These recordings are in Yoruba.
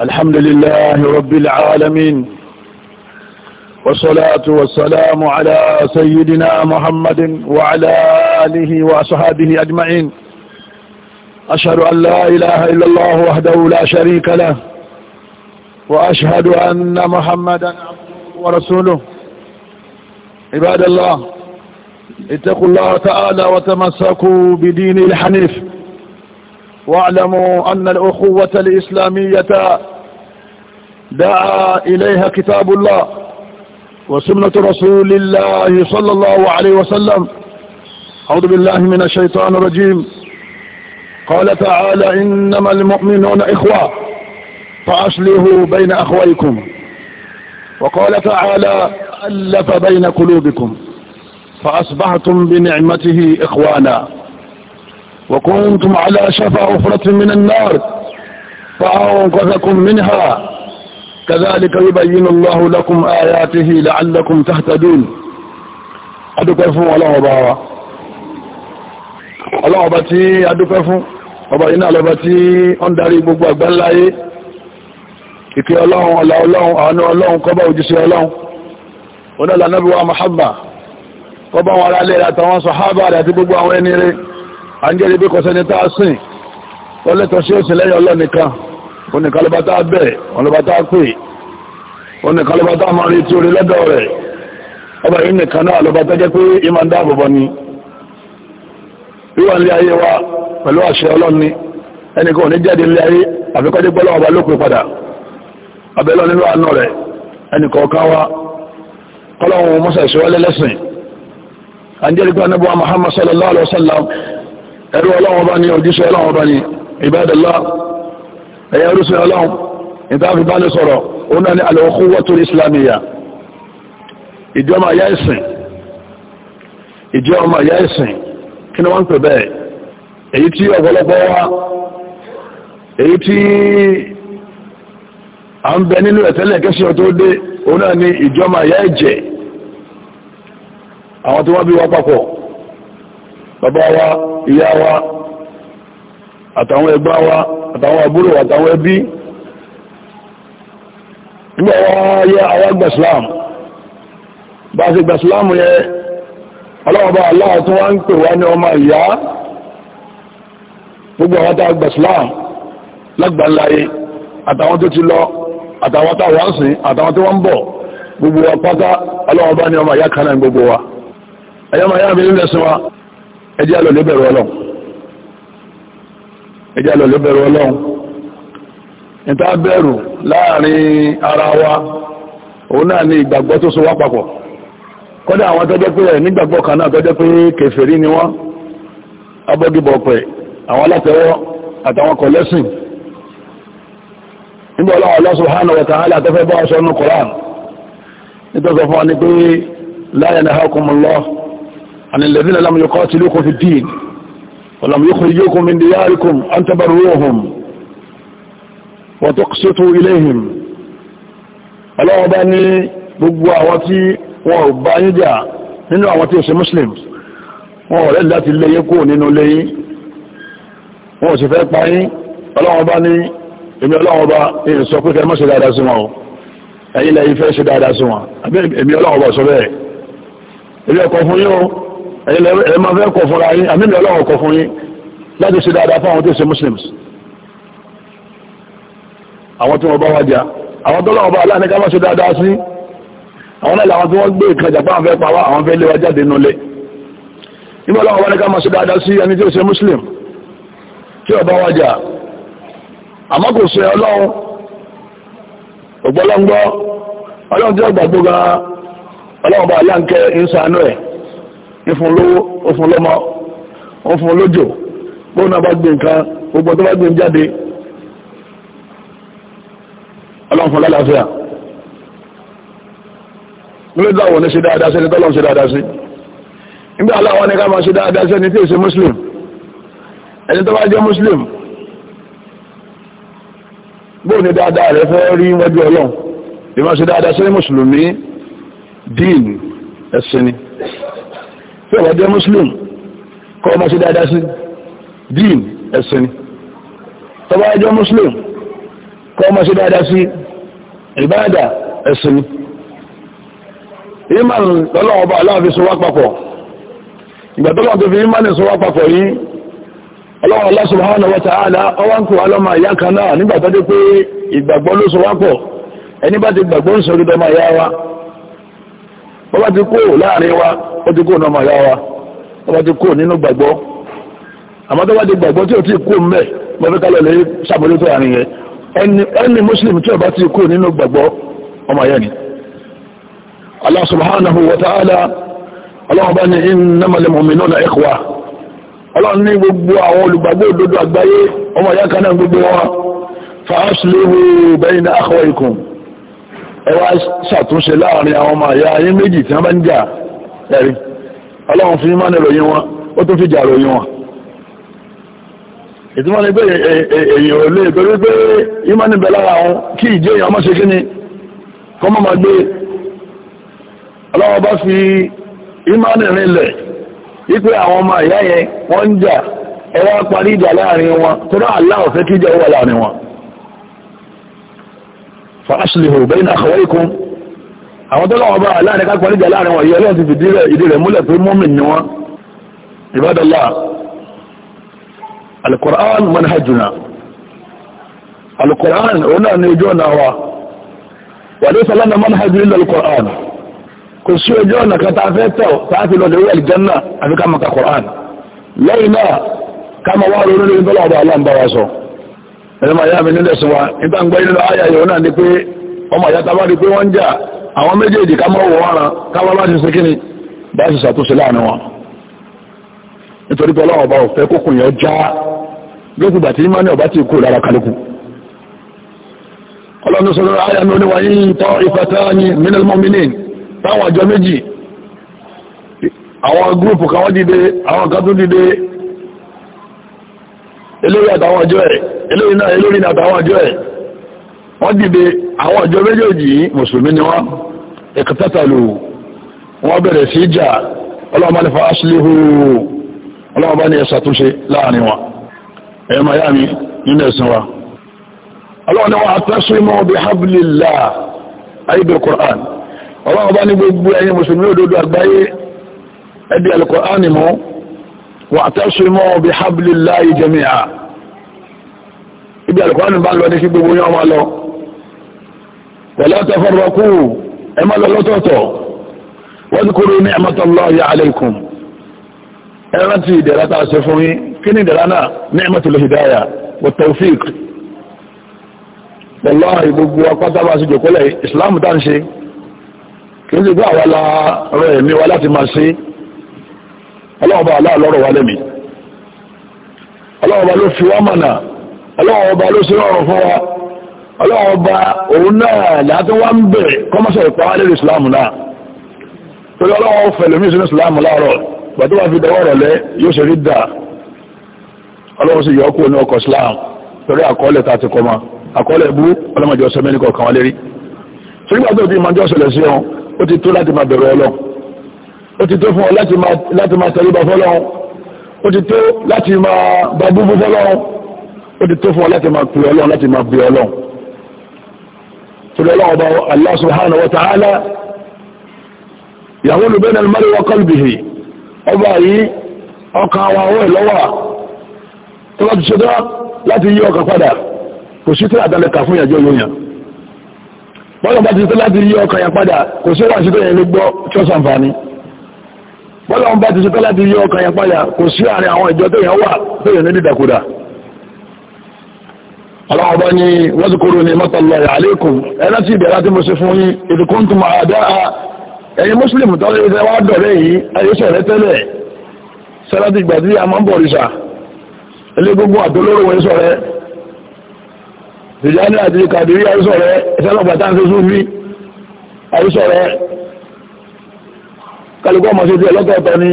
الحمد لله رب العالمين والصلاة والسلام على سيدنا محمد وعلى آله وأصحابه أجمعين أشهد أن لا إله إلا الله وحده لا شريك له وأشهد أن محمدا عبده ورسوله عباد الله اتقوا الله تعالى وتمسكوا بدين الحنيف واعلموا أن الأخوة الإسلامية دعا إليها كتاب الله وسنة رسول الله صلى الله عليه وسلم أعوذ بالله من الشيطان الرجيم قال تعالى إنما المؤمنون إخوة فأصلحوا بين أخويكم وقال تعالى ألف بين قلوبكم فأصبحتم بنعمته إخوانا وكنتم على شفا حفرة من النار فأنقذكم منها كذلك يبين الله لكم آياته لعلكم تهتدون adúpẹ́ fún ọlọ́run ọba wa ọlọ́run ọba tí adúpẹ́ fún ọba iná lọba tí ó ń darí gbogbo àgbáláyé ìkẹ́ ọlọ́run ọlá ọlọ́run àánú ọlọ́run kọba òjíṣẹ́ ọlọ́run onílànàbíwá mahabba kọba wọn ará àtàwọn sọ̀hábà àti gbogbo àwọn ẹni rẹ̀ à ń jẹ́rìí bí kọ́sẹ́ni tá a sìn tọ́lẹ́tọ̀ sí òsì lẹ́yìn ọlọ́nìkan onìkan ló bá tá a bẹ̀ òun ló bá tá a pè onìkan ló bá tá a máa retí orí lọ́dọ̀ rẹ̀ ọba yìí nìkan náà ló bá tẹ́jẹ́ pé ìmọ̀ ń dáàbò bọ́ ni wíwà nílé ayé wa pẹ̀lú àṣẹ ọlọ́ni ẹnìkan ò ní jáde nílé ayé àfikọ́jẹ́ gbọ́lọ́ ọba lópin padà abẹ́lọ́ nínú àánú rẹ̀ ẹnìkan ọ̀kan wa kọ́lọ́hún mọ́sàsíwálé àǹjẹ́rìí pé anábọ́à Muhammad sallallahu alaihi wa sallam ẹ̀rú ọlọ́run bá ní òjíṣẹ́ ọlọ́run bá ní ìbádàlá ẹ̀yẹ orúṣẹ́ ọlọ́run ìtàfi bá ní sọ̀rọ̀ ó náà ní al-ukhuwwatu islamiyya ìjọba àyá ìsìn ìjọba àyá ìsìn kí ni wọ́n ń pè bẹ́ẹ̀ èyí tí ọ̀pọ̀lọpọ̀ wá èyí tí a ń bẹ nínú ẹ̀tẹ́lẹ̀ kẹsí ọ̀tọ́ dé ó náà ní ìjọba àyá ìjẹ́ àwọn tí wọ́n bí wá papọ̀ bàbá wa ìyá wa àtàwọn ẹgbá wa àtàwọn àbúrò àtàwọn ẹbí nígbà wọ́n yẹ àwọn àgbà islam bá ti gbà islam yẹ ọlọ́wọ́ba aláà tó wá ń pè wá ní ọmọ ìyá gbogbo àwọn tá gbà islam lágbàláyé àtàwọn tó ti lọ àtàwọn tá wọ́n sìn àtàwọn tó wọ́n bọ̀ gbogbo wa pátá ọlọ́wọ́ba ní ọmọ ìyá kanáà gbogbo wa ẹ̀yọ́ ẹjẹ́ àlọ́ ló bẹ̀rù ọlọ́run ẹjẹ́ àlọ́ ló bẹ̀rù ọlọ́run níta bẹ̀rù láàrin ara wa òun náà ni ìgbàgbọ́ tó so wá papọ̀ kọ́dá àwọn pé ẹ̀ nígbàgbọ́ kan náà pé ni wọ́n abọ́gibọ̀ pẹ̀ àwọn àtàwọn nígbà wa bá nù عن الذين لم يقاتلوكم في الدين ولم يخرجوكم من دياركم أن تبروهم وتقسطوا إليهم ọlọ́wọ́ bá ní gbogbo àwọn tí wọn ò bá yín jà nínú àwọn tí ó ṣe muslims wọn ọ̀rẹ́ láti léyé kó nínú léyín wọn ò sì fẹ́ pa yín ọlọ́wọ́ bá ní èmi ọlọ́wọ́ bá èyí sọ pé kẹ́ mọ́ ṣe dáadáa sí wọn o ẹ̀yin lẹ́yìn fẹ́ ṣe dáadáa sí wọn àbí èmi ọlọ́wọ́ bá sọ bẹ́ẹ̀ èmi ọkọ̀ fún yín o ẹ máa fẹ́ kọ̀ fúnra yín àmì ìlọ́wọ́ kọ̀ fún yín láti ṣe dáadáa fún àwọn tó ṣe muslims àwọn tí wọ́n bá wájà àwọn tó lọ́wọ́ bá aláàní ká má ṣe dáadáa sí àwọn náà làwọn tí wọ́n gbé ìkànjà pa àwọn fẹ́ pa wá àwọn fẹ́ lé wa jáde nulẹ̀ bá muslim tí ọba wájà àmọ́ kò ṣe ọlọ́run ògbọ́lọ́ngbọ́ ọlọ́run tí ó gbàgbó gan aláǹkẹ́ ń ẹ̀ ìfún lówó òfún lọ́mọ òfún lójò bóun náà bá gbé nǹkan gbogbo tó bá gbé jáde ọlọ́run fún lálàáfíà nílùú dáwọ̀ ní ṣe dáadáa sí ẹni tọ́lọ́run ṣe dáadáa sí nígbà aláwọ̀ ní ká máa ṣe dáadáa sí ẹni tí èsì muslim ẹni tó bá jẹ́ muslim bóun ní dáadáa rẹ̀ fẹ́ rí wájú ọlọ́run ìmọ̀ ṣe dáadáa sí mùsùlùmí dín ẹ̀sìn ni pé ọ̀wọ́ jẹ́ muslim kọ́ ọmọ sí dáadáa sí dín ẹ̀sìn ni tọ́wọ́ jẹ́ muslim kọ́ ọmọ sí dáadáa sí ìbáàdà ẹ̀sìn ni ìmàn lọ́lọ́wọ́ bá aláàfi sọ wá papọ̀ ìgbàtọ́lọ́ tó fi ìmàn sọ wá papọ̀ yìí ọlọ́wọ́ Allah subhanahu bọ́bá ti kó láàrin wa ó ti kó nọmọ ìyá wa bọ́bá ti kó nínú gbàgbọ́ àmọ́ tó bá ti gbàgbọ́ tí ò tí kó mbẹ́ mo fi kálọ̀ lè ṣàbójútó àárín yẹn ẹni ẹni mùsùlùmí tí ó bá ti kó nínú gbàgbọ́ ọmọ yẹn ni Allah subhanahu wa ọlọ́run bá ní innamal mu'minuna ikhwa ọlọ́run ní gbogbo àwọn olùgbàgbọ́ òdodo àgbáyé ọmọ ìyá kan náà gbogbo wọn fa aslihu bayna akhawaykum ẹ wá ṣàtúnṣe láàrin àwọn ọmọ àyà ayé méjì tí wọ́n bá ń jà ẹ̀rí ọlọ́run fi máa ń ròyìn wọn ó tún fi jà ròyìn wọn ìtumọ̀ ni pé èyàn ò lè torí pé ìmọ̀ níbẹ̀ lára wọn kí ìdí èyàn ọmọ ṣe kí ni kọ́ mọ́ máa gbé ọlọ́wọ́ bá fi ìmọ̀ nìrin lẹ̀ wípé àwọn ọmọ ìyá yẹn wọ́n ń jà ẹ wá parí ìjà láàrin wọn tó náà aláwọ̀ fẹ́ kí ìjà wà láàrin wọn fàásìlìhù bẹ́yìn àkọwẹ́kún àwọn tó lọ́wọ́ bá aláàrin kápọ̀ níjà láàrin wọ̀nyí ọlọ́run ti fìdí rẹ̀ ìdí rẹ̀ múlẹ̀ pé mọ́mìn ni wọ́n ìbádọ́lá alkùrán manhajuna alkùrán òun náà ni ojú ọ̀nà wa wà ní sọlọ́nà manhajù ilẹ̀ alkùrán kò sí ojú ọ̀nà kan tá a fẹ́ tẹ̀ ẹ̀rọ máa yá mi nílẹ̀ sùn wa nígbà ń gbọ́ nínú àyà yòó náà ni pé ọmọ àyà tá bá rí pé wọ́n ń jà àwọn méjèèjì ká mọ́ wọ̀ ọ́ràn káwọn bá ti ṣe kíni bá ti ṣàtúnṣe láàrin wọn nítorí pé ọlọ́wọ́ ọba òfẹ́ kókùn yẹn já lókùn ìgbà tí imani ọba ti kú lára kálukú ọlọ́run sọ lọ́rọ̀ àyà mi oníwà yìí tọ́ ìfẹ́ta ni minal mu'minin táwọn àjọ méjì àwọn gúrùpù kan dìde àwọn kan tún dìde eléyìí àtàwọn ọjọ́ ẹ̀ eléyìí náà eléyìí náà àtàwọn ọjọ́ ẹ̀ wọ́n dìde àwọn ọjọ́ méjèèjì mùsùlùmí ni wọ́n ìkẹtẹ́tàlù wọ́n bẹ̀rẹ̀ sí ìjà ọlọ́ọ̀bá ní fàáṣílíhù ọlọ́ọ̀bá ní ẹ̀ṣàtúnṣe láàrin wọn ẹ̀yẹ miami nínú ẹ̀sìn wa ọlọ́ọ̀ni wọn àtẹ́sùmọ́ bí wa'tasimu bihablillahi jami'a ibi alùkọ́nù bá lọ ní kí gbogbo yán máa lọ wala tafarraqu ẹ má lọ lọ́tọ̀ọ̀tọ̀ wadhkuru ni'matallahi alaykum ẹ rántí ìdẹ̀ra tá a ṣe fún yín kí ni ìdẹ̀ra náà ni'matul hidaya wat tawfiq wallahi gbogbo apátábà sí jòkólẹ̀ sì ọlọ́wọ́ bá aláàlọ́rọ̀ wa lẹ́mí ọlọ́wọ́ bá ló fi wá mọ̀nà ọlọ́wọ́ bá ló sí rọrùn fún wa ọlọ́wọ́ bá òun náà láti wá ń bẹ̀rẹ̀ kọ́mọ́sọ̀ ìpàwà lórí ìsìláàmù náà torí ọlọ́wọ́ fẹ̀lẹ̀mí sínú ìsìláàmù láàárọ̀ bàtí wà fi dọwọ́ rọ̀lẹ́ yóò ṣe rí dà ọlọ́wọ́ sì yọkú ní ọkọ̀ islam torí àkọọ́lẹ̀ ta ti ó ti tó láti máa bẹ̀rẹ̀ ọlọ́run ó ti tó fún ọ láti máa tẹríba fọ́lọ́run ó ti tó láti máa bá búbú fọ́lọ́run ó ti tó fún ọ láti máa pè ọlọ́run láti máa pè ọlọ́run torí ọlọ́run ọba Allah subhanahu wa ta'ala yahulu bayna al-mar'i wa qalbihi ọba yìí ọkàn wa wọ́n lọ́wọ́ tó bá ti ṣe dán láti yí ọkàn padà kò sí tíra àdálẹ̀ kà fún ìyàjọ́ yóò yàn bọ́lá bá ti ṣe láti yí ọkàn yàn padà kò sí wà sí tó yẹn ló gbọ́ tí ó sàǹfààní bọ́lá wọn bá ti ṣetán láti yí ọkàn yẹn padà kò sí àárín àwọn ìjọ tó yẹn wà tó yẹn ní dídàkudà ọlọ́wọ́ bá ní wọ́dùkúrú ní mọ́tàlọ́yà alékùn ẹ̀rọ tí ìbẹ̀rẹ̀ àti mọ̀ṣẹ́ fún yín ìdíkùntù máa dá ẹ̀yin mùsùlùmí tó lè wá dọ̀rẹ́ yìí ayéṣẹ́ rẹ tẹ́lẹ̀ sẹ́láti ìgbà máa ń bọ̀rìṣà kálukú ọmọ ṣe tiẹ̀ lọ́tọ̀ọ̀tọ̀ ni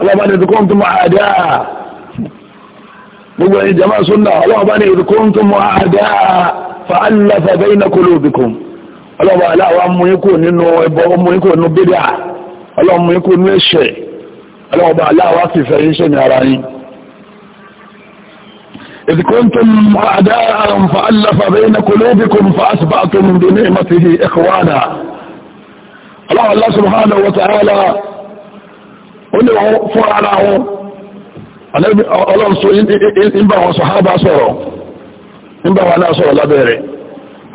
ọlọ́ba ní ìdíkùn tó máa dá gbogbo ẹni jama sunna ọlọ́ba ní ìdíkùn tó máa dá fa'allafa bayna qulubikum ọlọ́ba aláwa mú ikú nínú ẹbọ mú ikú nínú bídà ọlọ́ba ikú nínú ẹ̀ṣẹ̀ ọlọ́ba aláwa sì fẹ́ yín ṣẹ̀yìn ara yín إذ كنتم أعداء فألف بين قلوبكم فأصبحتم بنعمته إخوانا Allah subhanahu wa ta'ala ó lè wọ́n fún ara wọn ọlọ́run sọ ń bá wọn sọ̀hábà sọ̀rọ̀ ń bá wọn náà sọ̀rọ̀ lábẹ́rẹ̀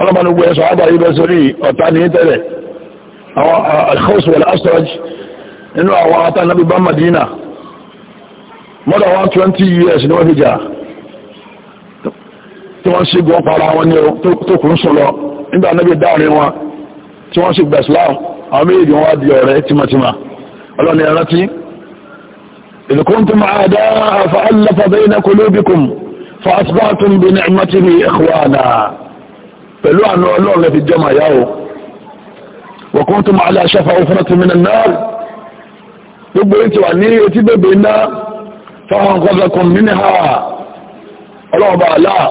ọlọ́mọ ní gbogbo ẹ̀ sọ̀hábà yìí bẹ́ sórí ọ̀tá ní tẹ́lẹ̀ àwọn al-Khawsu wal-Asraj nínú àwọn atánàbí àwọn méjèèjì wọn wá di ọ̀rẹ́ tímọ́tímọ́ ọlọ́ni ẹ̀rántí إذ كنتم أعداء فألف بين قلوبكم فأصبحتم بنعمته إخوانا pẹ̀lú àánú ọlọ́run lẹ́fi jẹ́mà yá o وكنتم على شفا حفرة من النار gbogbo ètò wà ní etí bèbè iná فأنقذكم منها ọlọ́run bá aláà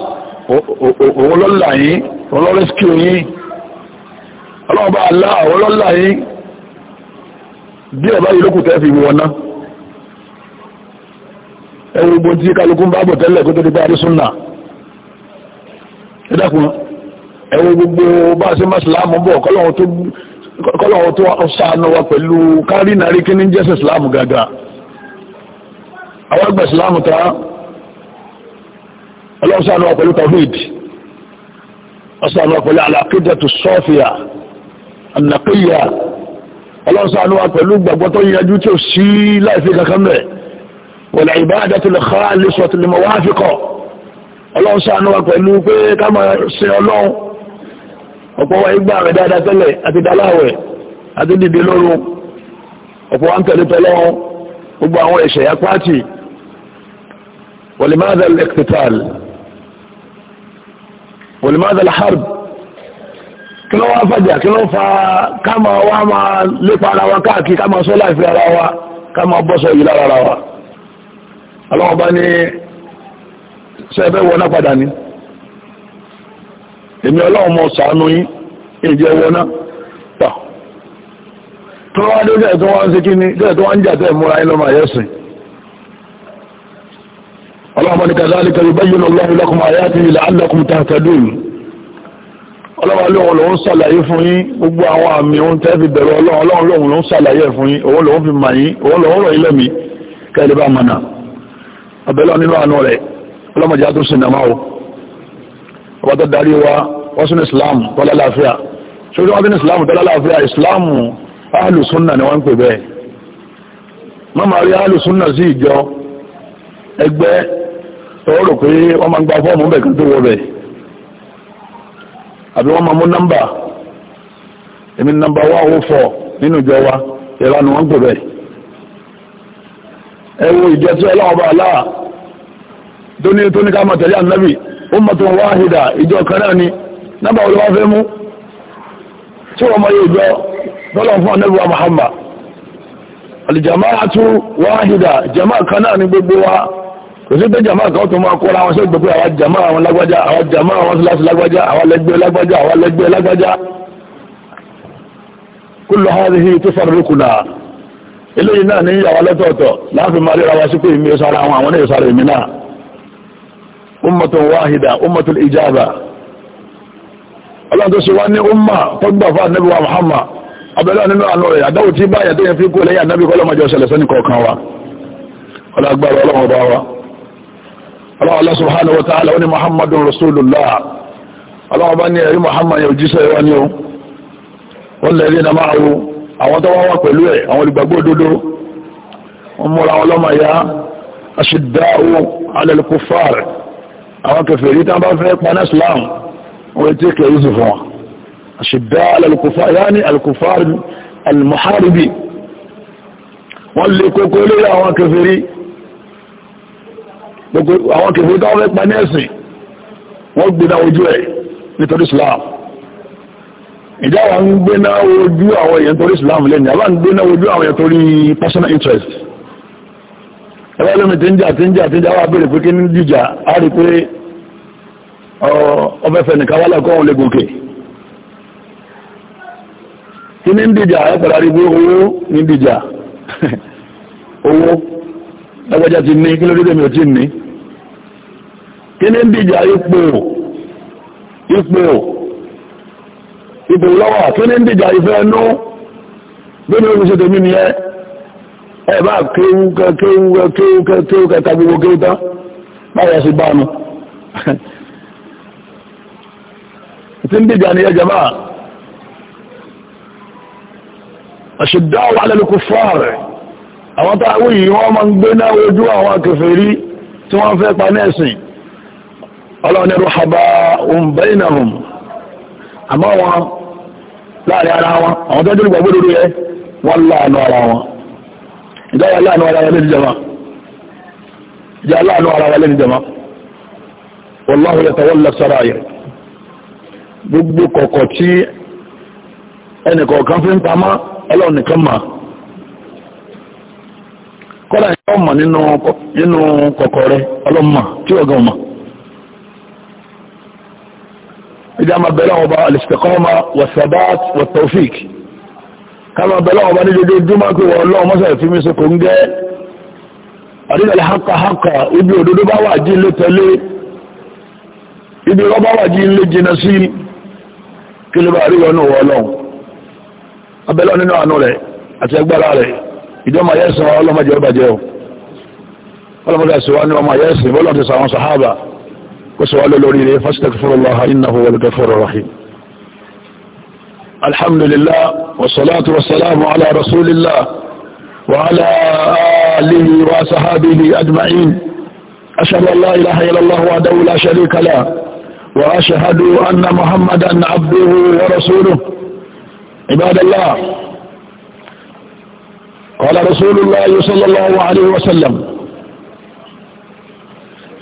òun lọ́lá yìí òun lọ́rẹ́sìkì yìí ọlọ́wọ́ bá alá àwọn ọlọ́lá yìí díẹ̀ báyìí lókù tẹ́ fi wọ̀ná ẹwọ gbogbo tí kálukú ń bá bọ̀ tẹ́lẹ̀ kó tó ti parí súnà ẹ̀dàkùn ẹwọ gbogbo bá ṣe má sìláàmù bọ̀ kọ́lọ̀wọ́ tó sàánú wa pẹ̀lú kárí nàrí kí ní jẹ́sẹ̀ sìláàmù gàgà àwọn àgbà sìláàmù ta ọlọ́sàánú wa pẹ̀lú tawhid ọsàánú wa pẹ̀lú alákídà tó sọ́fìyà ànàpéyà ọlọ́sàn àánú wa pẹ̀lú gbàgbọ́ tó yanjú tí ó sí láìsí kankan mẹ́ wọ̀lá ìbáàdàtì lè kọ́ àlesọ̀tì lè mọ̀ wá fi kọ́ ọlọ́sàn àánú wa pẹ̀lú pé ká máa sin ọlọ́run ọ̀pọ̀ wa igbá rẹ̀ dáadáa tẹ́lẹ̀ àti dáláwẹ̀ àti dìde lóru ọ̀pọ̀ wa ń tẹ̀lé tẹ́lọ́run gbogbo àwọn ẹ̀ṣẹ̀ ya pàtì wọ̀lẹ̀máàdà lẹ́kítàl wọ̀lẹ̀máàdà lẹ́hàrb kí ló wá fàjà kí ló fa káma wá máa lépa ara wa káàkiri káma sọ láìfi ara wa káma bọ́sọ̀ yìí lára ara wa aláwọ̀ bá ní sẹ́ẹ̀fẹ́ wọná padà ní èmi ọlọ́run mọ sàánú yín èjì ẹwọná tà tó wá dé dẹ́ẹ̀ tó wá ń ṣe kí ni dẹ́ẹ̀ tó wá ń jà múra yín lọ́mọ àyẹ́sìn ọlọ́run bá ní kazalika yubayyinu Allahu lakum ayatihi la'allakum ọlọ́run lóhun lòún ṣàlàyé fún yín gbogbo àwọn àmì ohun tẹ́ fi bẹ̀rù ọlọ́run ọlọ́run lóhun lòún ṣàlàyé fún yín òun lòún fi mà yín òun lòún rọ̀ ilẹ̀ mi kẹ́lẹ́ bá mọ̀nà ọbẹ̀lọ́ nínú àánú rẹ̀ ọlọ́mọdé á tún sinamá o ọba tó darí wa wọ́n sún islam tọ́lá láàfíà ṣojú wọ́n sún islam tọ́lá láàfíà islam alùsúnnà ni wọ́n ń pè bẹ́ẹ̀ mọ́mọ́ rí alùsúnnà sí ìjọ ẹgbẹ́ tọ́wọ́ rò pé wọ́n máa gba fọ́ọ̀mù bẹ̀ kan tó wọ bẹ́ẹ̀ àbí wọ́n máa mú nọ́mbà èmi nọ́mbà wá owó fọ nínú ìjọ wa ìran ni wọ́n ń pè bẹ́ẹ̀ ẹ wo ìjọ tí ọlọ́wọ́ bá aláà tó ní tó ní ká máa tẹ̀lé ànábì ummatun wahida ìjọ kan náà ni nọ́mbà wo ló wá fẹ́ mú tí wọ́n máa yẹ ìjọ fún ànábì wa Muhammad al jama'atu wahida jama'a kan náà ni gbogbo wa kò sí pé jàmá kan tó máa kóra wọn sí gbogbo àwọn jàmá àwọn lágbájá àwọn jàmá àwọn síláṣí lágbájá àwọn lẹ́gbẹ́ lágbájá àwọn lẹ́gbẹ́ lágbájá kullu hadhihi tufarriquna eléyìí náà ní ìyàwó lọ́tọ̀ọ̀tọ̀ láàfin máa ríra wa sí pé ìmí sára àwọn àwọn náà sára èmi náà ummatun wahida ummatul ijaba ọlọ́run tó ṣe wá ní umma tó fún anabi wa muhammad abẹ́lẹ́ nínú àánú rẹ̀ àdáwò tí báyà tó yẹn fi kú lẹ́yìn anabi kọ́lọ́mọjọ́ ṣẹlẹ̀ sẹ́ni kọ̀ọ̀kan wa ọlọ́gbàrá ọlọ́run bá wa Allah subhanahu wa ta'ala ó ní muhammadun rasulullah Allah bá ní ẹ̀rí muhammad yóò jíṣẹ́ wa ní o wọ́n lẹ́rí na máa wo àwọn tó wá wà pẹ̀lú ẹ̀ àwọn olùgbàgbọ́ òdodo wọ́n múra wọn lọ́mọ ya aṣèdáwó alẹ́lẹ́kùfàr àwọn kẹfẹ̀rí tán bá fẹ́ paná islam wọ́n ti kẹ̀ yìí fún wọn aṣèdáwó alẹ́lẹ́kùfàr yáni alẹ́kùfàr almuharibi wọ́n lè kókó lórí àwọn kẹfẹ̀rí gbogbo àwọn kèfèé tó fẹ́ pa ní ẹ̀sìn wọ́n gbé náà ojú ẹ̀ nítorí Islam ìjà wa ń gbé náà ojú àwọn èèyàn torí Islam lẹ́nu àbá ń gbé náà ojú àwọn èèyàn torí personal interest ẹwà lómi tí ń jà tí ń jà tí ń jà wà bèèrè pé kí ní jíjà á rí pé ọbẹ̀fẹ̀ nìkan wálẹ̀ kọ́ òun lè gòkè kí ní dìjà ẹ̀pẹ̀lá rí pé owó ní dìjà owó ẹgbẹ́jà ti ní kí ló dé mi ò tí ní kí ní dìjà ipò ipò ipò lọ́wọ́ kí ní dìjà ìfẹ́ ẹnú lónìí ogun ṣètò mí nìyẹn ẹ bá kéwú kéwú kéwú kéwú kẹta gbogbo kéwú tán báyọ̀ sí bánu tí ń dìjà nìyẹn jẹ̀má àṣìdáwò alẹ́lùkù fọ́ọ̀rẹ̀ àwọn táwọn yìí wọ́n máa ń gbé náà ojú àwọn kèfèrí tí wọ́n fẹ́ pa nẹ́ẹ̀sìn ọlọ́run ẹrù ọba ohun bẹ́ẹ̀ náà hùn àmọ́ wọn láàrin ara wọn àwọn tó ń jẹ́rù gbàgbọ́ lórí ẹ wọ́n láàánú ara wọn ìjọba láàánú ara wọn lẹ́nu jẹma ìjọba láàánú ara wọn lẹ́nu jẹma wallahu yatawalla saraya gbogbo kọ̀kọ̀ tí ẹnìkọ̀ọ̀kan fi ń pamọ́ ọlọ́run nìkan mà kọ́lá ìjọba mọ̀ nínú kọ̀kọ̀ rẹ ọlọ́mọ tí ọ̀gá mọ̀ ẹjá máa bẹ̀rẹ̀ ọba alìsìtẹ̀kọ́mà wasabat wataufik ká máa bẹ̀rẹ̀ ọba ní jojoojúmọ́ pé wọ́n lọ́wọ́ mọ́sẹ̀ fi mí sókò ń gẹ́ àdínàlẹ̀ haka haka ibi òdodo bá wà jí ilé tẹ̀lé ibi ọba bá wà jí ilé jìnà sí kí ló bá rí wọn náà wọ́n lọ́wọ́ abẹ́lẹ́ nínú àánú rẹ̀ àti agbára rẹ̀ ìjọba ayẹ́sìn ọlọ́mọdé ọbàjẹ́ ọlọ́mọdé àṣìwá ní ọmọ ayẹ́sìn bọ́lọ́ وسؤال الأولين فاستغفر الله إنه هو والغفور الرحيم الحمد لله والصلاة والسلام على رسول الله وعلى آله وصحابه أجمعين أشهد ان لا إله الا الله وحده لا شريك له وأشهد أن محمدا عبده ورسوله عباد الله قال رسول الله صلى الله عليه وسلم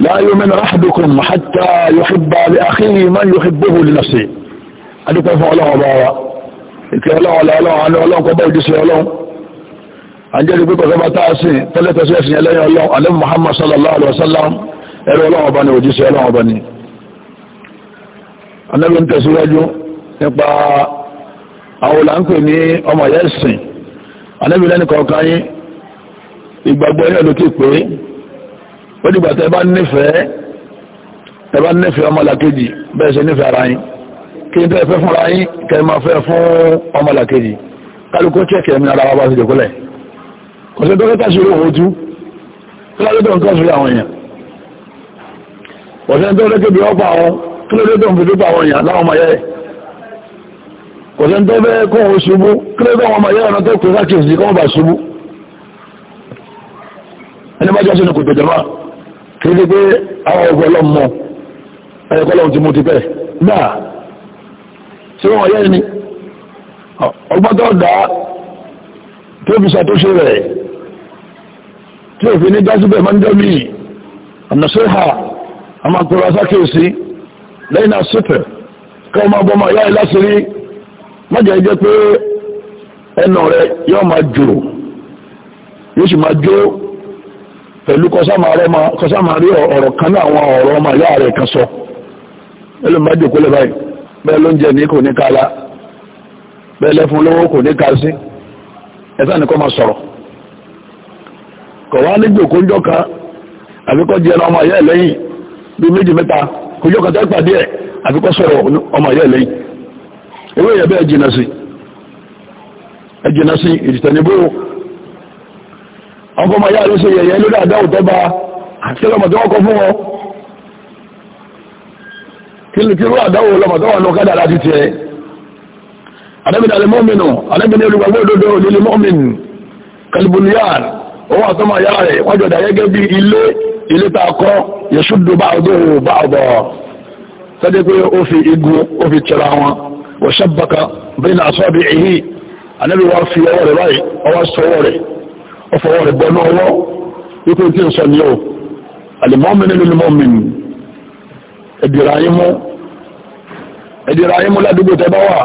لا يؤمن أحدكم حتى يحب لأخيه من يحبه لنفسه أدوك فعل الله بارا ìkẹ́ ọlọ́run ọlọ́run àánú ọlọ́run kọba ìdíṣẹ́ ọlọ́run àjẹ́rì pípọ̀ sọba táà sí tẹ́lẹ̀tẹ̀ sí ẹ̀sìn ẹlẹ́yìn ọlọ́run alẹ́mù Muhammad sallallahu alaihi wasallam ẹ̀rọ ọlọ́run ọba ni òjíṣẹ́ ọlọ́run ọba ni anábì ń tẹ̀síwájú nípa àwọn olàǹkè ní ọmọ ẹ̀yẹ́sìn anábì lẹ́nìkọ̀ọ̀kan yín ìgbàgbọ́ ẹ̀yẹ́ ló ti pè é ó dìgbà tẹ́ bá nífẹ̀ẹ́ tẹ́ bá nífẹ̀ẹ́ ọmọlàkejì bẹ́ẹ̀ ṣe nífẹ̀ẹ́ ara yín kí n tẹ́ fẹ́ fúnra yín kẹ́ máa fẹ́ fún ọmọlàkejì kálukú chẹ́kì ẹ̀mí ara wa bá ti dẹ̀kọ́lẹ̀ kò sí dókítà ṣe owó ojú kí lóde tó ń tọ́sí àwọn èèyàn kò sí tó lé kébi ọ́pọ̀ àwọn kí lóde tó ń fi dúpọ̀ àwọn èèyàn láwọn ọmọ yẹ́ kò sí tó fẹ́ kó òun ṣubú kí lóde àwọn ọmọ yẹ́ ọ̀nà tó kò sákìsì kọ́ kí ní pé àwọn ọgbọ̀lọ́ mọ̀ ẹ̀kọ́lọ́ ti mú ti pẹ́ náà tí wọ́n yẹ́ ni ọgbọ́tọ̀ dá tí ó fi ṣàtúnṣe rẹ̀ tí ò fi ní dásíbẹ̀ máa ń jẹ́ mí ọ̀nà sí ha a máa kọ̀rọ̀ sákèsí lẹ́yìn náà sípẹ̀ kí wọ́n máa bọ́ máa yá ẹ láti rí májẹ̀ jẹ́ pé ẹnu rẹ̀ yóò máa jò yóò sì máa jó pẹ̀lú kọsámàrí ọ̀rọ̀ kan náà àwọn ọ̀rọ̀ ọmọ ìyá rẹ̀ kan sọ ẹlòmọ́dé kó lè báyìí bẹ́ẹ̀ ló ń jẹ ní kò ní kala bẹ́ẹ̀ lẹ́fún lówó kò ní ka sí ẹ̀sán nìkan máa sọ̀rọ̀ kọ̀wá ní jòkó ń jọ́ka àfikọ́ jẹ ọmọ ìyá ẹ̀lẹ́yìn bí méjì mẹ́ta kò jọ́ka tẹ́ pàdé ẹ̀ àfikọ́ sọ̀rọ̀ ọmọ ìyá ẹ̀lẹ́yìn ewé ìyẹ̀bẹ́ ẹ̀jìnà sí ẹ̀jìnà sí ìdìtẹ̀nibó àwọn ọmọ ìyá ló ṣe yẹ̀yẹ́ lórí àdáwò tó bá àti lọ́mọ tó wọ́kọ́ fún wọn kí ló àdáwò lọ́mọ tó wà lọ kádà láti tiẹ̀ àdẹ́bìnrin alimọ́mìnù àdẹ́bìnrin olùgbàgbọ́ òdodo nílé mọ́mìn kalibuniyar owó àtọ́mọ̀ ìyá rẹ̀ wájú ọ̀dà gẹ́gẹ́ bí ilé ilé tá a kọ́ yẹ̀ṣúdù bá ọdún bá ọdọ̀ sọ́dẹ́ pé ó fi igun ó fi tẹ̀ra wọn wọ́n ṣàbàkà bí ọ̀fọwọ́ rẹ̀ bọ́ lọ́wọ́ wípé tí ń sọ ní o alìmọ́mìnì nínú mọ́mìnì ẹ̀dìrà ayé mú ládùúgbò tẹ́ bá wà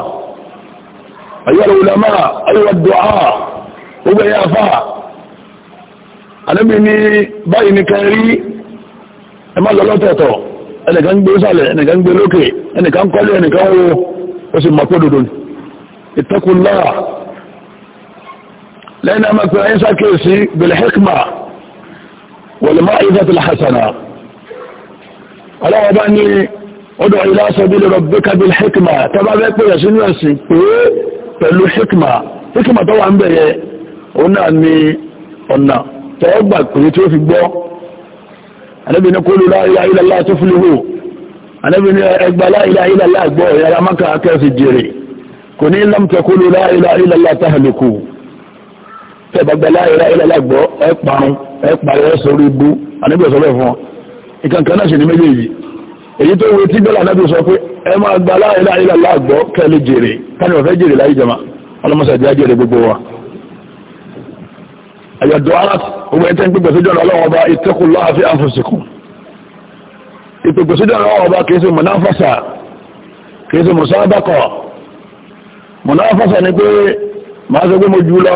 ayọ́rọ̀ ulama ayọ́rọ̀ dùá ogbẹ̀ yà fà alẹ́bí ní báyìí nìkan rí ẹ má lọ́lọ́tẹ̀ẹ̀tọ̀ ẹnìkan gbé sàlẹ̀ ẹnìkan gbé lókè ẹnìkan kọ́lé ẹnìkan wo ó sì mọ̀ pé òdodo ìtẹ́kùnláà lẹ́yìn náà mọ̀pẹ́ ẹ̀yìn sàkíyèsí bilhikma wal-ma'idati al-hasana ọlọ́wọ́ bá ní ọdọ̀ ila sabili rabbika bilhikma tẹ́bá bẹ́ pẹ̀yẹ̀ sínú ẹ̀sìn pé pẹ̀lú hikma hikma tó wà ń bẹ̀yẹ òun náà ní ọ̀nà tẹ́wọ́ gbà pé tí ó fi gbọ́ Ànábì ní qulu la ilaha illallah tuflihu Ànábì ní ẹgbà la ilaha illallah gbọ́ ẹ̀yà ramaka akẹ́sì jèrè kò ní lam taqulu la ilaha illallah tahliku tẹ̀gbàgbà láìra ìlàlágbọ́ ẹ̀parun ẹ̀parẹ́ sórí ibú ànábì sọ bẹ́ẹ̀ fún wọn ìkànkàn náà ṣe ní méjèèjì èyí tó wé tí bẹ́lá ànábì sọ pé ẹ máa gba láìra ìlàlágbọ́ kẹ́lẹ̀ jèrè káníwọ̀ fẹ́ jèrè láì jẹma ọlọ́mọsàdì ajẹ́rẹ́ gbogbo wa àyọ̀dọ̀ ara owó ẹ̀tẹ́ ń gbẹ̀gbẹ̀ sójú ọ̀nà ọlọ́wọ́ ọba ìtẹ́kùlọ́ àfi àfọ̀sìkùn ìpègbè sọ pé mo jù lọ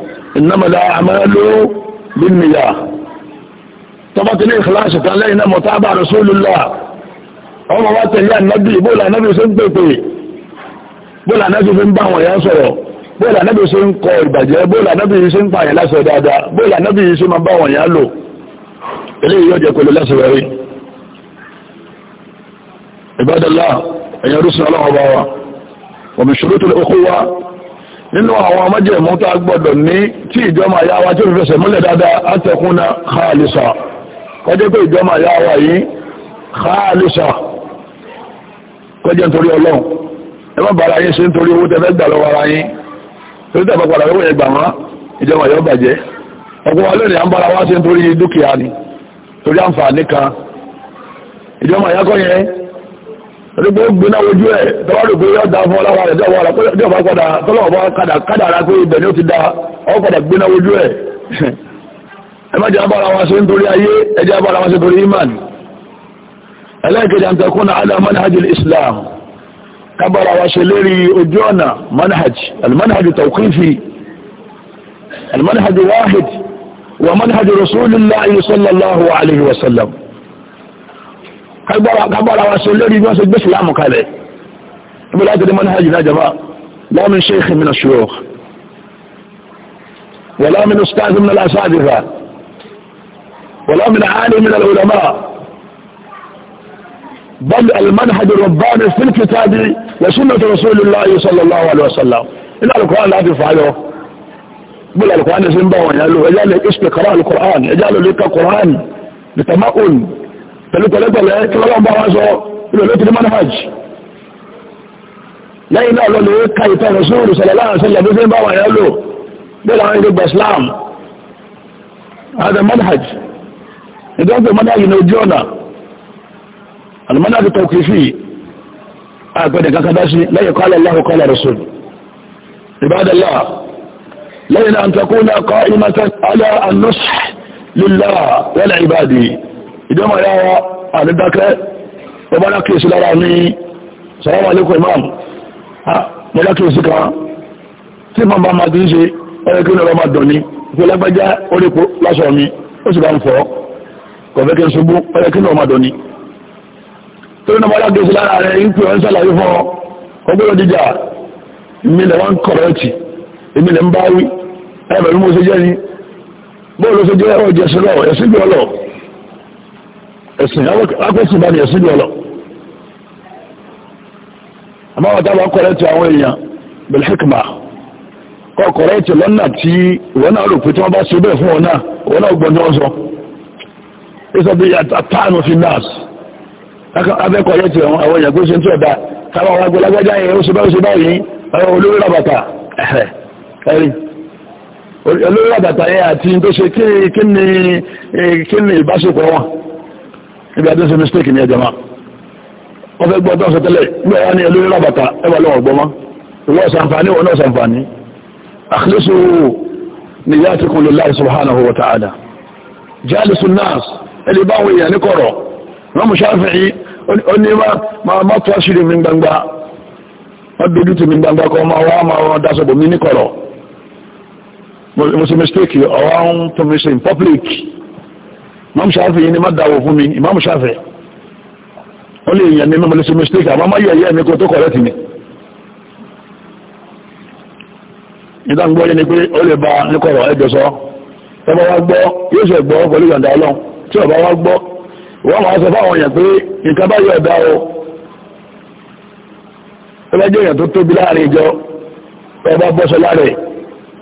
ìnámọ̀lá àmàlú bínnìyà tọ́ba tí ní ìkìláṣì kan lẹ́yìn náà mọ̀tábà rasulullah ọmọ wa tẹ̀lé ànábì bóòlù ànábì ṣe ń pèpè bóòlù ànábì fi ń bá àwọn èèyàn sọ̀rọ̀ bóòlù ànábì ṣe ń kọ ìbàjẹ́ bóòlù ànábì ṣe ń pààyàn láṣẹ dáadáa bóòlù ànábì ṣe máa bá àwọn èèyàn lò eléyìí yóò jẹ́ pẹ̀lú láṣẹ rẹ̀ rí ibadallah ẹ̀yàn rúṣin nínú àwọn amájẹ̀mú tá a gbọ́dọ̀ ní tí ìjọmọ̀ àyà wa tí fẹsẹ̀ múlẹ̀ dáadáa átẹ̀kún na khalisa kọjẹ́ pé ìjọmọ̀ àyà wa yìí khalisa kọjẹ́ nítorí ọlọ́run ẹ má bàrà yín sí nítorí owó tẹ́fẹ́ gbà lọ́wọ́ ara yín torí tẹ́fẹ́ padà lọ́wọ́ yẹn gbà wọ́n ìjọmọ̀ àyà bàjẹ́ ọ̀pọ̀ wa lónìí à ń bára wá sí nítorí dúkìá ni torí àǹfààní kan ìjọmọ̀ àyà kọ́ yẹn onígbò gbiná ojú ẹ̀ tọ́wọ́dù pé yọ́ da fún ọlọ́wọ́ rẹ̀ dẹ́wọ́ ọ̀la pé ọba padà tọ́lọ́wọ́ bá kádà kádà ara pé ibẹ̀ ni ó ti da ọ́ padà gbiná ojú ẹ̀ ẹ má jẹ́ abára wọn ṣe nítorí ayé ẹ jẹ́ abára wọn ṣe nítorí iman ẹlẹ́ẹ̀kejì àǹtẹ̀kùn náà alá manhaj islam kábàrà wa ṣe lérí ojú ọ̀nà manhaj almanhaj tawqifi almanhaj wahid wa manhaj rasulillah sallallahu alayhi wa kábọ́ra wa so lórí bí wọ́n ṣe gbé ìsìlámù kalẹ̀ ibi láti dé mọ́nà hajjina jama la min sheikh min ash-shuyukh wala min ustaz min al-asadifa wala min alim min al-ulama بل المنهج الرباني في الكتاب وسنة رسول الله صلى الله عليه وسلم إن القرآن لا تفعله بل القرآن سنبوه يجعل استقراء القرآن يجعل لك قرآن بتمأل pẹ̀lú pẹ̀lẹ́pẹ̀lẹ́ kí wọ́n bá wá sọ ilé olóòtú ní manhaj lẹ́yìn náà lọ́lọ́ ká ìtàn Rasul sallallahu alaihi wasallam bí bá wà yẹn lò bí làwọn ilé gba Islam هذا منهج إذا أنت منهج نوجونا المنهج ìjọba ìyá wa àdídákẹ́ bàbá lákèsí lára ní sàrámà lẹ́kọ̀ọ́ imam mọ́ lákèsí kan tí màmá máa ti ń ṣe ẹ̀rẹ́ kí ọlọ́mà dùn ní ìpò lágbájá orípo lásọ̀ mi ó sì bá ń fọ́ kọ̀fẹ́ kí n ṣubú ẹ̀rẹ́ kí ní torí náà mọ́ lákèsí lára rẹ̀ ìpò ẹ̀ ń ń báwí ẹ̀rọ ẹ̀sìn akọ́sìn bá ní ẹ̀sìn bí ọlọ. àmọ́ àwọn táwọn akọ̀rẹ́ ti àwọn èèyàn bil hikma kọ́ ọkọ̀rẹ́ ti lọ́nà tí ìwọ́n náà rò pé tí wọ́n bá ṣe bẹ́ẹ̀ fún wọn náà ìwọ́n náà gbọ́n ní wọ́n sọ. ìsọ bí àtàánù fi nọ́ọ̀sì abẹ́kọ̀ọ́yẹ́ ti àwọn èèyàn gbé ṣe ń tí ọ̀dà táwọn ọmọ agbẹ́lágbẹ́já yẹn ó ṣe báyìí ó ṣe báyìí àwọn olórí làbàtà ẹ̀rí olórí làbàtà yẹn àti tó ṣe kí ni ìbáṣepọ̀ wọn ibi adé ṣe mistake ní ẹjọ́ máa wọ́n fẹ́ gbọ́ tọ́sọ tẹ́lẹ̀ gbé ẹ̀yà ní ẹlórí rábàtà ẹwà lọ́wọ́ gbọ́mọ́ ìwọ́ ṣàǹfààní wọn náà ṣàǹfààní àkílẹ́sù niyyatikum lillahi subhanahu wa ta'ala jalisu nas ẹni bá wọn èèyàn ní kọ̀rọ̀ wọ́n mú Shafi'i ó ní máa má tó àṣírí mi gbangba wọ́n dojú ti mi gbangba kọ́ máa wá máa wọ́n dáṣọ́bọ̀ mi ní kọ̀rọ̀ mo sì mistake ọ̀wá ń tó mi ṣe in public imam shafi ni má dáwò fún mi imam shafi ó lè yàn ní mẹ́mọ́ mistake àmọ́ má yẹ̀ yẹ́ mi kó tó correct mi nígbà gbọ́ yẹ́ ni pé ó lè ba níkọ̀rọ̀ ẹjọ́ sọ ọba wa gbọ́ yóò ṣe gbọ́ pẹ̀lú yọ̀ǹda ọlọ́run tí ọba wa gbọ́ wọ́n máa sọ fáwọn èèyàn pé nǹkan bá yọ̀ ọ̀dá o ẹgbẹ́jẹ́ èèyàn tó tóbi láàrin ìjọ ọba bọ́sọ láàrẹ̀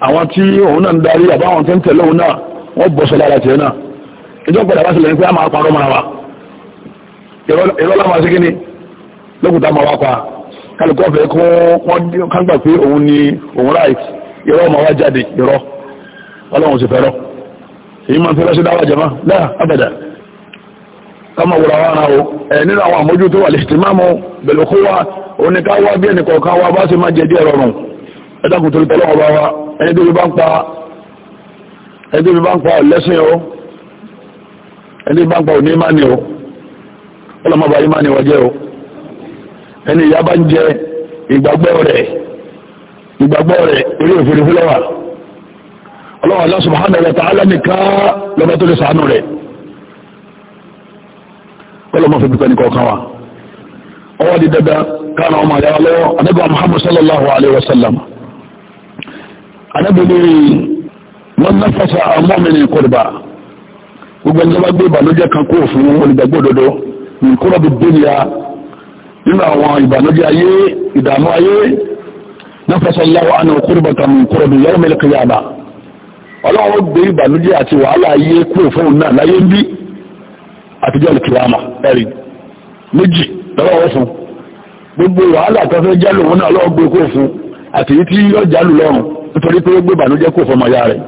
àwọn tí òun náà ń darí àbáwọn tó ń tẹ̀lé òun náà wọ́n bọ́sọ lára tẹ̀ náà ìjọ padà bá sílẹ̀ ní pé a máa parọ́ mọ́ra wa ìrọ́lá máa ṣe kí ni lókùtà máa wá pa kálukọ́ fẹ́ kó wọ́n kángbà pé òun ni òun right ìrọ́ máa wá jáde ìrọ́ ọlọ́run sì fẹ́rọ́ èyí máa ń fẹ́rọ́ sí dáwà jẹ́má dáa abẹ́dà káma wùrà wà náà o ẹ̀ nínú àwọn àmójútó wà lè tìmáàmù bẹ̀lú kó wa òun ni ká wá bí ẹnì kọ̀ọ̀kan wa bá sì máa jẹ díẹ̀ rọrùn ẹ̀dá kùtùrù tọ́lọ́wọ́ bá wa ẹni tó fi bá ń pa ẹni tó fi bá ń pa ọ̀lẹ́sìn o ẹni bá ń pa òní ìmáni o ọlọ́mọba ìmáni wọ́n jẹ́ o ẹni ìyá bá ń jẹ ìgbàgbọ́ rẹ̀ ìgbàgbọ́ rẹ̀ eré òfurufú lọ́wà ọlọ́wà Allah subhanahu wa ta'ala nìkan lọ́bẹ́ tó lè sàánú rẹ̀ ọlọ́mọ fi pípẹ́ nìkan kan wa ọwọ́ di dandan káàna ọmọ àyà lọ́wọ́ anábà Muhammad sallallahu alayhi wa sallam anábìnrin wọn náfàṣà àmọ́mìnrin kọ̀dùbà gbogbo ẹni tó bá gbé ìbànújẹ́ kan kúrò fún olùgbàgbọ́ òdodo nìkúrọ bí dúnìyà nínú àwọn ìbànújẹ́ ayé ìdààmú ayé náfẹsọláwọ àna òkúrúbàtà nìkúrọ bí yọrọ mẹlẹ kẹyà àbá Ọlọ́run gbé ìbànújẹ́ àti wàhálà ayé kúrò fún òun náà láyé ń bí àtijọ́ ìkìlámà ẹ̀rí méjì lọ́wọ́ fún gbogbo wàhálà tó fẹ́ jálò wọn náà lọ́wọ́ gbé kúrò fún àtìyí tí yọ jálò lọ́rùn nítorí pé gbé ìbànújẹ́ kúrò fún ọmọ ya rẹ̀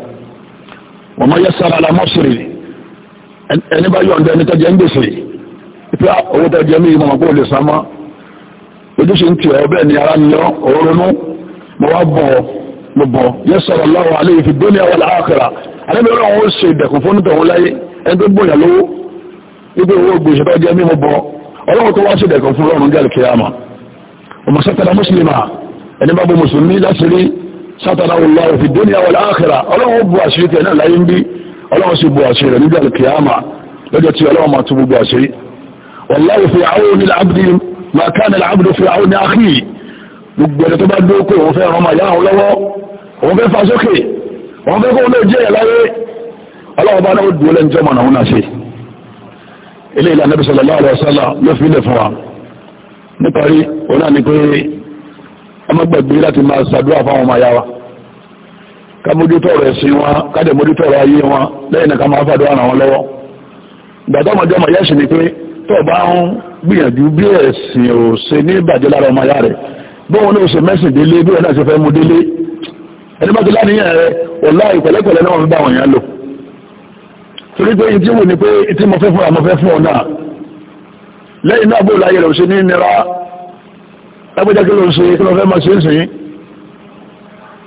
wọ́n yẹ sára la mọ́sùrì ẹni bá yọ̀ ǹdẹ́ ẹni tọ́jẹ́ ń gbèsè pé owó tọ́jẹ́ mí ìmọ̀ kó lè sámá ojúṣe ń tiẹ̀ ọbẹ̀ ni ara niyọ́ òórùnú mo wá bọ̀ mo bọ̀ yẹ sọ̀rọ̀ lọ́wọ́ alẹ́ ìfi dóní àwọn làákàrà alẹ́ mi ràn wọ́n ṣe ìdẹ̀kùn fún nítorí láyé ẹni tó gbòyà lówó ibi owó gbèsè tọ́jẹ́ mí mo bọ̀ ọlọ́run tó wá ṣe ìdẹ̀kùn fún lọ́run gẹ́lì kíyàmà ọmọ sátara mùsùlùmá ẹni bá bọ mùsùlùmí láti rí sátara wọlọ́wọ́ ìfi dóní àwọn làákàrà ọlọ́run ó bu àṣírí tẹ̀ náà láyé ń bí ọlọ́run sì bu àṣírí rẹ̀ nígbà kìáàmà lọ́jọ́ tí ọlọ́run máa tún gbogbo àṣírí wallahu fi auni al-abdi ma kana al-abdu fi auni akhihi gbogbo ẹ̀dẹ̀ tó bá dúró pé òun fẹ́ ràn máa yá àwọn lọ́wọ́ òun fẹ́ fa sókè òun fẹ́ kó lóòjẹ́ ẹ̀ láyé ọlọ́run bá náà dúró lẹ́nu jọmọ̀ náà náà ilé ìlànà Nabi sallallahu kámójútọ̀rọ̀ ẹ̀sìn wọn kádẹ̀mójútọ̀rọ̀ ayé wọn lẹ́yìn náà ká máa fàdó ara wọn lọ́wọ́ ìgbàdọ́mọdé ọmọ yẹ́sìn ni pé tó bá ń gbìyànjú bí ẹ̀sìn ò ṣe ní ìbàjẹ́ lára ọmọ ayá rẹ̀ bóun náà ṣe mẹ́sìn délé bí wọn náà ṣe fẹ́ mú délé ẹni bá ti láníyàn rẹ ọ̀la ìpẹ̀lẹ́pẹ̀lẹ́ náà wọn fi bá wọn yàn lò torí pé ìtí wù ni pé ìtí mo fẹ́ fún àmọ́ fẹ́ fún ọ náà lẹ́yìn náà bóòlù ayé rẹ̀ ò ṣe ní nira ẹgbẹ́jẹ́ kí ló ń ṣe kí ló fẹ́ máa ṣe ń sìn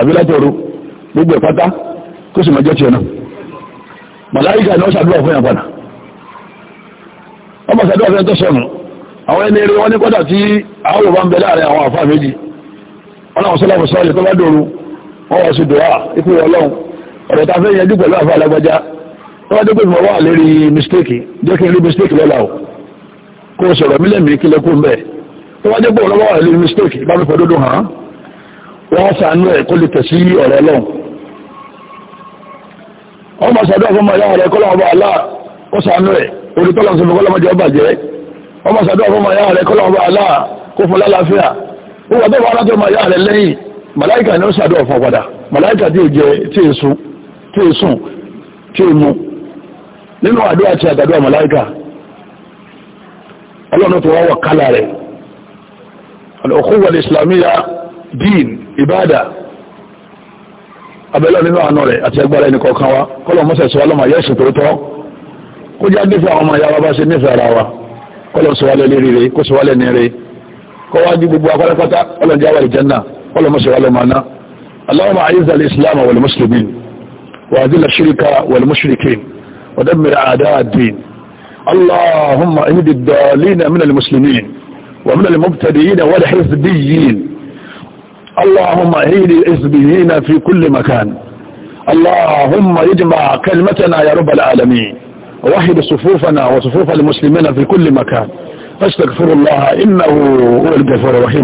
àbí látọ̀rọ̀ gbogbo ẹ̀ pátá kó sì máa jẹ́ tiẹ̀ náà màláìkà náà ṣàdúrà fún yàn padà ọmọ ṣàdúrà fún yàn tó sọnù àwọn ẹni eré wọn ní kọ́dà tí àwọn bá ń bẹ láàrin àwọn àfáà méjì wọn làwọn sọláfù sọọlì tó bá dòru wọn wá sí dùwà ikú ọlọ́run ọ̀rọ̀ tá a fẹ́ yẹn pẹ̀lú àfáà alágbájá tó bá dé pé mo wà lérí mistake jẹ́ kí n rí mistake lọ́la o kó sọ̀rọ̀ mílẹ̀ kí lẹ́kùn bẹ́ẹ̀ tó bá dé pé wà lérí mistake bá mi fẹ́ dúdú hàn wọ́n sànú ẹ̀ kó lè tẹ̀sí ọ̀rọ̀ lọ́n ọmọ sàdọ́ fún ọmọ ìyá rẹ̀ kọ́lọ́ ọba àlá ó sànú ẹ̀ orí tọ́lọ̀ sí fún kọ́lọ́mọdé ọba jẹ́ ọmọ sàdọ́ fún ọmọ ìyá rẹ̀ kọ́lọ́ ọba àlá kó fún lálàáfíà ó wà tó wà látọ̀ ọmọ ìyá rẹ̀ lẹ́yìn màláìkà ni ó sàdọ́ fún padà màláìkà tí ò jẹ tí ì sùn tí ì sùn tí ì mu nínú àdúrà tí àtàdúrà màláìkà ọlọ́run tó wá wà kálà rẹ̀ al ìbáàdà abẹ́lẹ́ nínú àánú rẹ̀ àti agbára ẹnì kọ̀ọ̀kan wa kọ́lọ̀ mọ́sẹ̀ sọ ọlọ́mà yẹ́ ìsìnkú tọ́ kó já nífẹ̀ẹ́ àwọn ọmọ ìyáwá bá ṣe nífẹ̀ẹ́ ara wa kọ́lọ̀ sọ wálé lérí rẹ̀ kó sọ wálé ní rẹ̀ kọ́ wá ní gbogbo akọ́lẹ́pátá kọ́lọ̀ jáwà ìjẹ́nà kọ́lọ̀ mọ́sẹ̀ wálé mọ́ná اللهم أعز الإسلام والمسلمين وأذل الشرك والمشركين ودمر أعداء الدين اللهم اهد الضالين من المسلمين ومن المبتدئين والحزبيين اللهم اهيل الإسبيين في كل مكان اللهم اجمع كلمتنا يا رب العالمين وحد صفوفنا وصفوف المسلمين في كل مكان فاستغفر الله إنه هو الغفور الرحيم